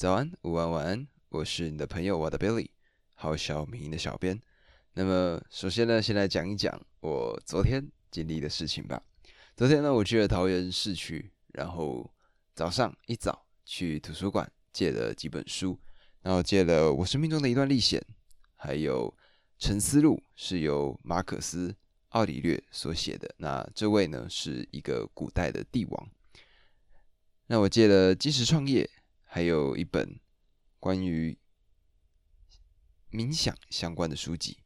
早安，午安，晚安，我是你的朋友我的 Billy，好，小明的小編。那麼，首先呢，先來講一講我昨天經歷的事情吧。昨天呢，我去了桃園市區，然後早上一早去圖書館借了幾本書，然後借了我生命中的一段歷險，還有《沉思錄》，是由馬可斯·奧里略所寫的。那這位呢，是一個古代的帝王。那我借了《即時創業》。還有一本關於冥想相關的書籍。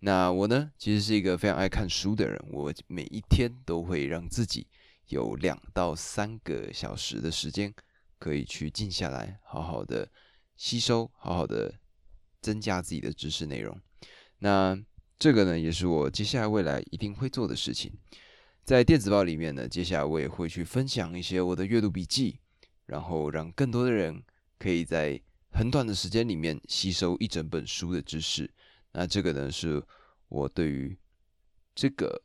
那我呢，其實是一個非常愛看書的人。我每一天都會讓自己有兩到三個小時的時間，可以去靜下來，好好的吸收，好好的增加自己的知識內容。那這個呢，也是我接下來未來一定會做的事情。在電子報裡面呢，接下來我也會去分享一些我的閱讀筆記。然後讓更多的人可以在很短的時間裡面吸收一整本書的知識。那這個呢，是我對於這個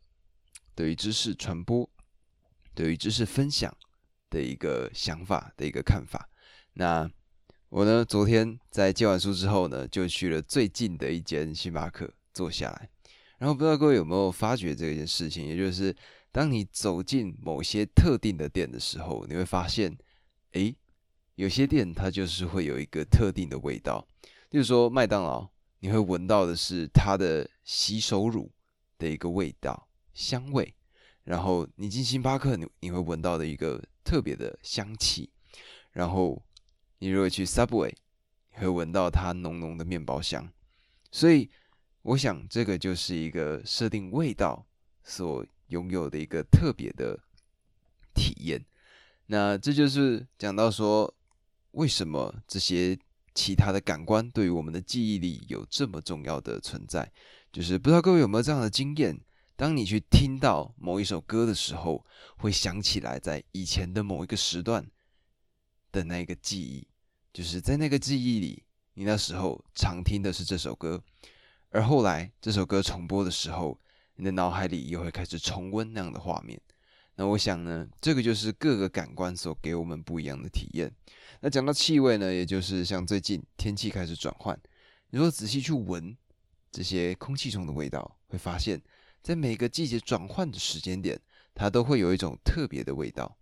對於知識傳播、對於知識分享的一個想法的一個看法。那我呢，昨天在借完書之後呢，就去了最近的一間星巴克坐下來。然後不知道各位有沒有發覺這件事情，也就是當你走進某些特定的店的時候，你會發現。誒，有些店它就是會有一個特定的味道，例如說麥當勞，你會聞到的是它的洗手乳的一個味道、香味；然後你進星巴克你，你你會聞到的一個特別的香氣；然後你如果去 Subway，你會聞到它濃濃的麵包香。所以，我想這個就是一個設定味道所擁有的一個特別的體驗。那這就是講到說，為什麼這些其他的感官對於我們的記憶力有這麼重要的存在？就是不知道各位有沒有這樣的經驗，當你去聽到某一首歌的時候，會想起來在以前的某一個時段的那個記憶，就是在那個記憶裡，你那時候常聽的是這首歌，而後來這首歌重播的時候，你的腦海裡又會開始重溫那樣的畫面。那我想呢，這個就是各個感官所給我們不一樣的體驗。那講到氣味呢，也就是像最近天氣開始轉換，如果仔細去聞這些空氣中的味道，會發現，在每個季節轉換的時間點，它都會有一種特別的味道。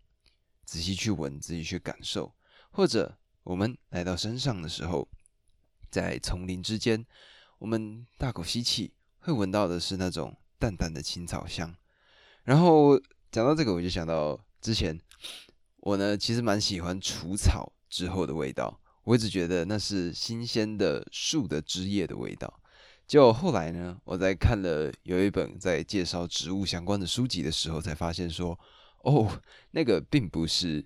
仔細去聞，仔細去感受，或者我們來到山上的時候，在叢林之間，我們大口吸氣，會聞到的是那種淡淡的青草香，然後。想到這個，我就想到之前我呢其實蠻喜歡除草之後的味道，我一直覺得那是新鮮的樹的枝葉的味道。結果後來呢，我在看了有一本在介紹植物相關的書籍的時候，才發現說，哦，那個並不是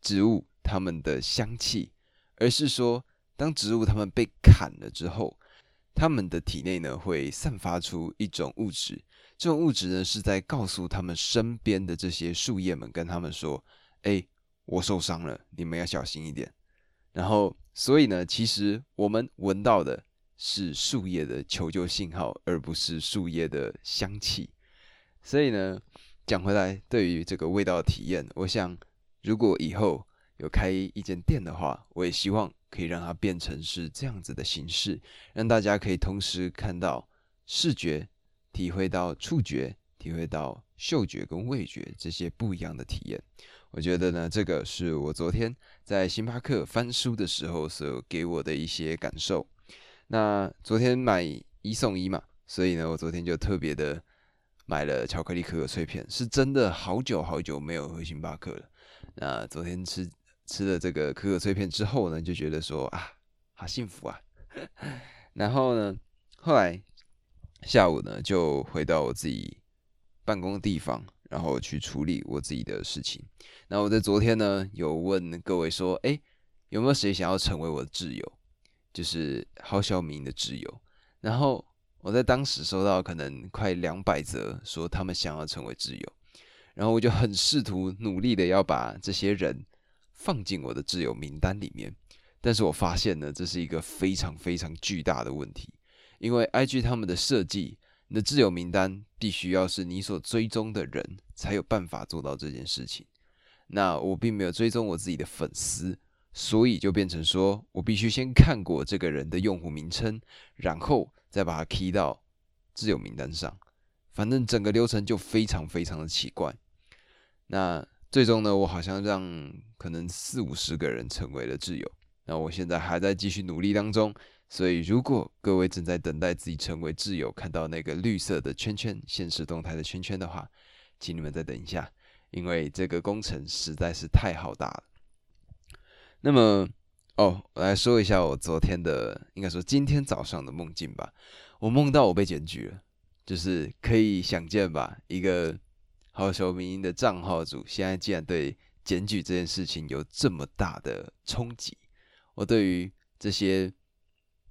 植物它們的香氣，而是說當植物它們被砍了之後。他們的體內呢，會散發出一種物質，這種物質呢，是在告訴他們身邊的這些樹葉們，跟他們說：“欸，我受傷了，你們要小心一點。”然後，所以呢，其實我們聞到的是樹葉的求救信號，而不是樹葉的香氣。所以呢，講回來，對於這個味道的體驗，我想，如果以後，有開一間店的話，我也希望可以讓它變成是這樣子的形式，讓大家可以同時看到視覺，體會到觸覺，體會到嗅覺跟味覺這些不一樣的體驗。我覺得呢，這個是我昨天在星巴克翻書的時候所給我的一些感受。那昨天買一送一嘛，所以呢，我昨天就特別的買了巧克力可可碎片，是真的好久好久沒有回星巴克了。那昨天吃。吃了這個可可脆片之後呢，就覺得說啊，好幸福啊！ 然後呢，後來下午呢，就回到我自己辦公的地方，然後去處理我自己的事情。然後我在昨天呢，有問各位說，哎，有沒有誰想要成為我的摯友，就是郝小明的摯友？然後我在當時收到可能快兩百則，說他們想要成為摯友，然後我就很試圖努力的要把這些人。放進我的摯友名單裡面，但是我發現呢，這是一個非常非常巨大的問題，因為 IG 他們的設計，你的摯友名單必須要是你所追蹤的人，才有辦法做到這件事情。那我並沒有追蹤我自己的粉絲，所以就變成說我必須先看過這個人的用戶名稱，然後再把它 key 到摯友名單上，反正整個流程就非常非常的奇怪。那。最終呢，我好像讓可能四五十個人成為了摯友。那我現在還在繼續努力當中，所以如果各位正在等待自己成為摯友，看到那個綠色的圈圈、限時動態的圈圈的話，請你們再等一下，因為這個工程實在是太浩大了。那麼，哦，我來說一下我昨天的，應該說今天早上的夢境吧。我夢到我被檢舉了，就是可以想見吧，一個。好，小明的賬號主現在竟然對檢舉這件事情有這麼大的衝擊，我對於這些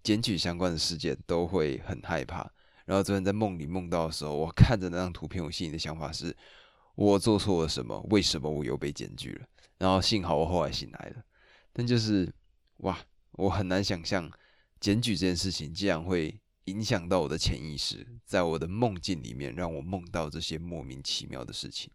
檢舉相關的事件都會很害怕。然後昨天在夢裡夢到的時候，我看着那張圖片，我心裡的想法是：我做錯了什麼？為什麼我又被檢舉了？然後幸好我後來醒來了，但就是哇，我很難想象檢舉這件事情竟然會。影響到我的潛意識，在我的夢境裡面，讓我夢到這些莫名其妙的事情。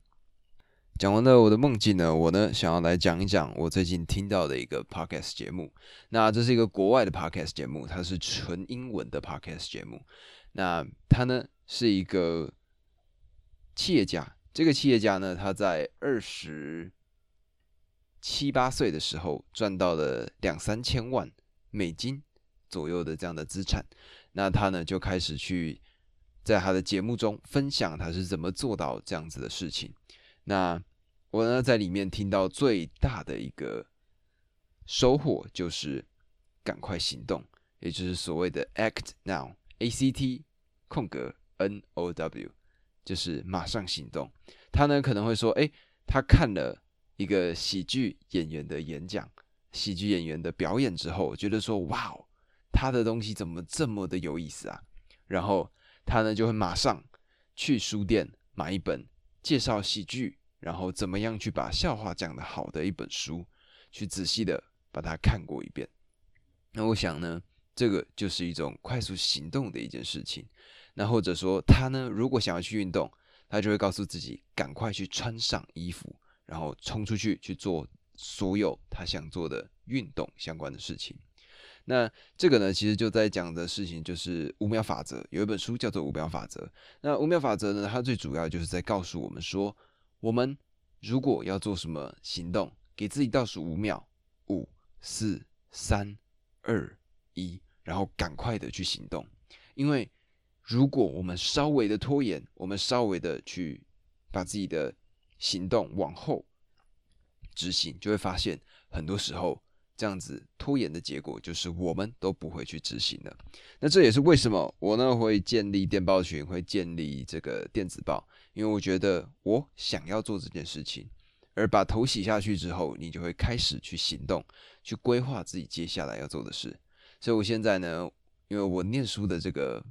講完了我的夢境呢，我呢想要來講一講我最近聽到的一個 podcast 節目。那這是一個國外的 podcast 節目，它是純英文的 podcast 節目。那它呢是一個企業家，這個企業家呢，他在二十七八歲的時候賺到了兩三千萬美金左右的這樣的資產。那他呢就開始去在他的節目中分享他是怎麼做到這樣子的事情。那我呢在裡面聽到最大的一個收穫就是趕快行動，也就是所謂的 Act Now，A C T 空格 N O W，就是馬上行動。他呢可能會說，哎、欸，他看了一個喜劇演員的演講、喜劇演員的表演之後，覺得說，哇哦。他的東西怎麼這麼的有意思啊？然後他呢就會馬上去書店買一本介紹喜劇，然後怎麼樣去把笑話講得好的一本書，去仔細的把它看過一遍。那我想呢，這個就是一種快速行動的一件事情。那或者說他呢，如果想要去運動，他就會告訴自己趕快去穿上衣服，然後衝出去去做所有他想做的運動相關的事情。那這個呢，其實就在講的事情就是五秒法則。有一本書叫做《五秒法則》。那五秒法則呢，它最主要就是在告訴我們說，我們如果要做什麼行動，給自己倒數五秒，五、四、三、二、一，然後趕快的去行動。因為如果我們稍微的拖延，我們稍微的去把自己的行動往後執行，就會發現很多時候。這樣子拖延的結果就是我們都不會去執行的，那這也是為什麼我呢會建立電報群，會建立這個電子報，因為我覺得我想要做這件事情。而把頭洗下去之後，你就會開始去行動，去規劃自己接下來要做的事。所以我現在呢，因為我念書的這個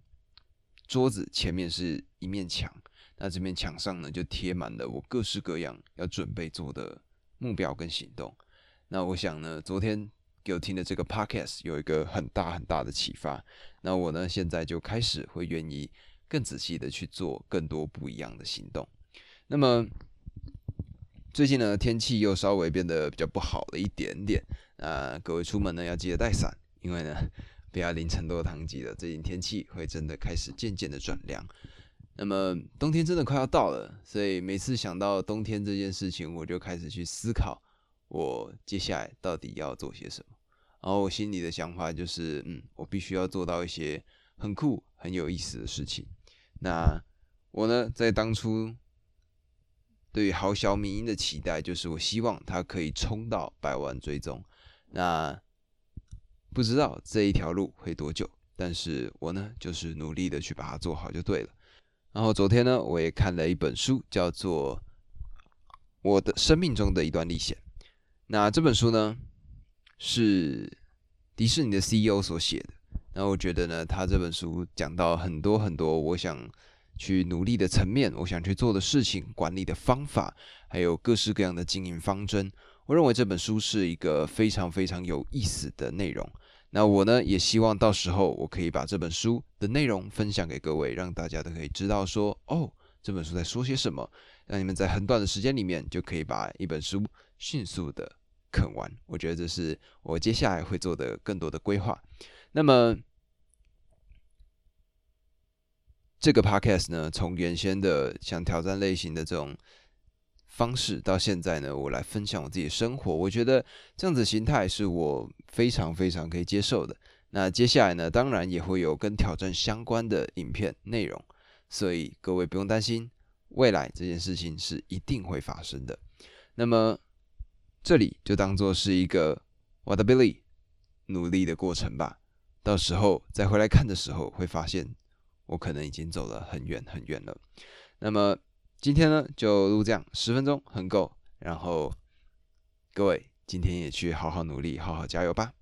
桌子前面是一面牆，那這面牆上呢就貼滿了我各式各樣要準備做的目標跟行動。那我想呢，昨天給我聽的這個 podcast 有一個很大很大的啟發。那我呢，現在就開始會願意更仔細的去做更多不一樣的行動。那麼最近呢，天氣又稍微變得比較不好了一點點。啊，各位出門呢，要記得帶傘，因為呢，不要淋成落湯雞了。最近天氣會真的開始漸漸的轉涼。那麼冬天真的快要到了，所以每次想到冬天這件事情，我就開始去思考。我接下來到底要做些什麼？然後我心裡的想法就是，嗯，我必須要做到一些很酷、很有意思的事情。那我呢，在當初對於豪洨迷因的期待，就是我希望它可以衝到百萬追蹤。那不知道這一條路會多久，但是我呢，就是努力的去把它做好就對了。然後昨天呢，我也看了一本書，叫做《我的生命中的一段歷險》。那這本書呢，是迪士尼的 CEO 所寫的。那我覺得呢，他這本書講到很多很多我想去努力的層面，我想去做的事情、管理的方法，還有各式各樣的經營方針。我認為這本書是一個非常非常有意思的內容。那我呢，也希望到時候我可以把這本書的內容分享給各位，讓大家都可以知道說，哦，這本書在說些什麼，讓你們在很短的時間裡面就可以把一本書。迅速的啃完，我覺得這是我接下來會做的更多的規劃。那麼這個 podcast 呢，從原先的像挑戰類型的這種方式，到現在呢，我來分享我自己的生活，我覺得這樣子形態是我非常非常可以接受的。那接下來呢，當然也會有跟挑戰相關的影片內容，所以各位不用擔心，未來這件事情是一定會發生的。那麼。這裡就當做是一個 whatability 努力的過程吧。到時候再回來看的時候，會發現我可能已經走了很遠很遠了。那麼今天呢，就錄這樣十分鐘，很夠。然後各位今天也去好好努力，好好加油吧。